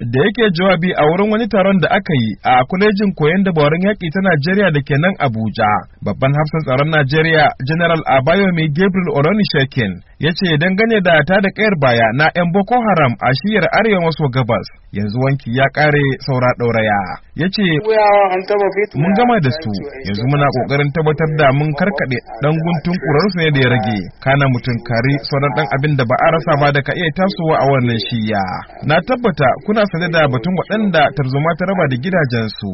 da yake jawabi a wurin wani taron da aka yi a kwalejin koyon dabarun yaƙi ta Najeriya da ke nan Abuja. Babban hafsan tsaron Najeriya, General Abayomi Gabriel Oronishekin, ya ce dangane da ta da ƙayar baya na 'yan Boko Haram a shiyar arewa maso gabas, yanzu wanki ya ƙare saura ɗauraya. ya ce mun gama da su yanzu muna kokarin tabbatar da mun karkade dan guntun kurarsu ne da ya rage kana mutum kare sauran dan abin da ba a rasa ba da ka iya tasowa a wannan shiya na tabbata kuna sane da batun waɗanda tarzoma ta raba da gidajensu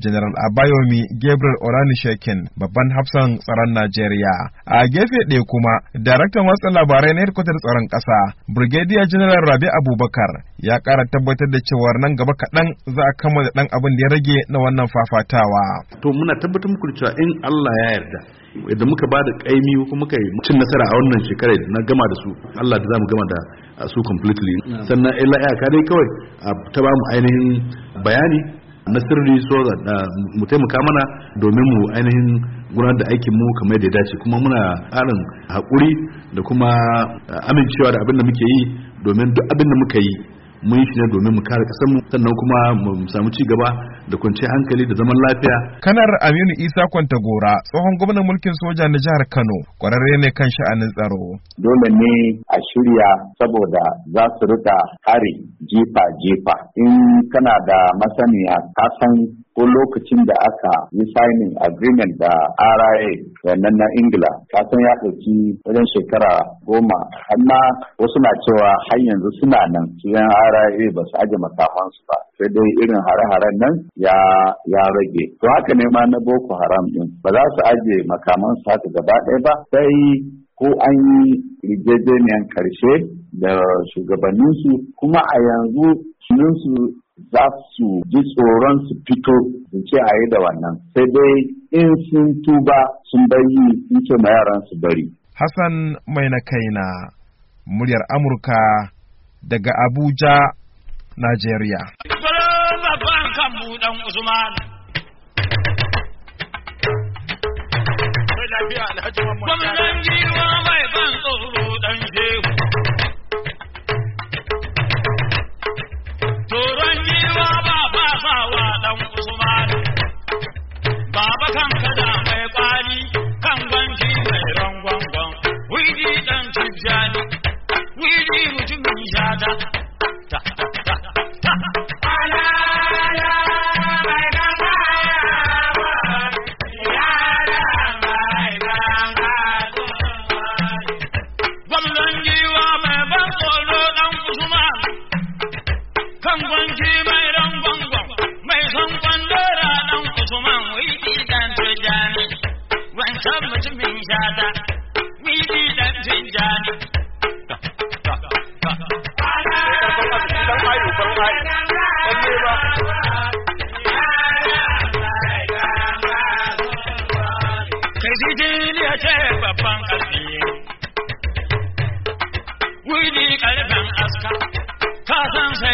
General Abayomi Gabriel Orani Shekin, babban hafsan tsaron Najeriya. A gefe ɗaya kuma, daraktan watsa labarai na hedkwatar tsaron ƙasa, Brigadier General Rabi Abubakar ya ƙara tabbatar da cewa nan gaba kaɗan za a kammala ɗan abin da ya rage na wannan fafatawa. To muna tabbatar muku cewa in Allah ya yarda idan muka ba da kaimi ko muka yi cin nasara a wannan shekara na gama da su Allah da za mu gama da su completely sannan ila ya dai kawai a ta ba mu ainihin bayani na sirri so da mu taimaka mana domin mu ainihin gudanar da aikin mu kamar da ya dace kuma muna ƙarin haƙuri da kuma amincewa da abin da muke yi domin duk abin da muka yi mun yi shi domin mu kare kasar mu sannan kuma mu samu ci gaba da kwanciyar hankali da zaman lafiya kanar Aminu Isa Kwantagora tsohon gwamnan mulkin soja na jihar Kano kwararre ne kan sha'anin tsaro dole ne a shirya saboda za su rika hari jefa jefa in kana da masaniya ka ko lokacin da aka yi signing agreement da RIA wannan na Ingila ta san ya ɗauki wajen shekara goma amma wasu na cewa har yanzu suna nan yan RIA ba su aje makamansu ba sai dai irin hare-haren nan ya ya rage to haka ne ma na Boko Haram din ba za su aje makamansu haka gaba ɗaya ba sai ko an yi rijejeniyar karshe da shugabanninsu kuma a yanzu su za su ji tsoron su fito su ce a yi da wannan sai dai in sun tuba sun bayi sun ce ma yaran su bari. Hassan mai na kaina muryar Amurka daga Abuja, Najeriya. Gwamnan giwa mai ban tsoro dan shehu. Don mutumin shata, wili dan tunjani. Kai jijili ya ce babban asiri, wili karfin aska, ka san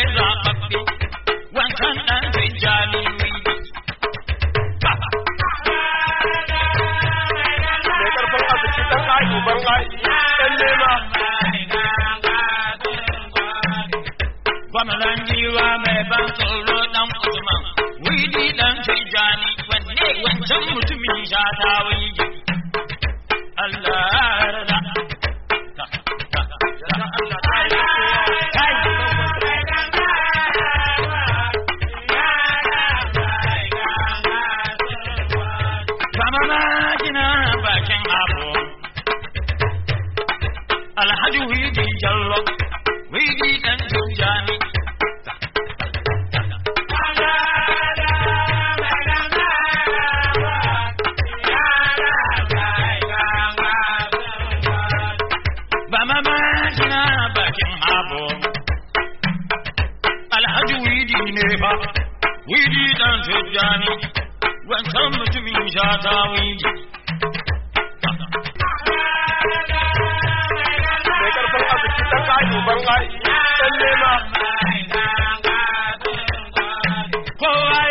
ban tsoro dan Usman wuri dan wanne wancan mutumin shata wani Allah rada widi jallo, the neighbor. We did dance with Johnny. When some to me shot our weed. Kowa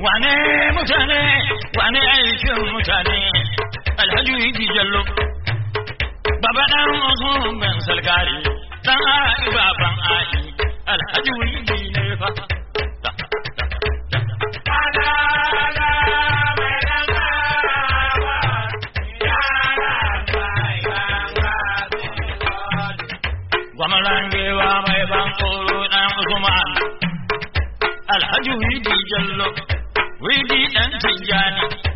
wane mutane wane aikin mutane alhaji yi jallo baba dan usman salgari dan ai baban ai alhaji yi ne fa kwamaran gewa mai ban koro ɗan Usman. Alhaji Widi Jallo, Widi ɗan Tijjani.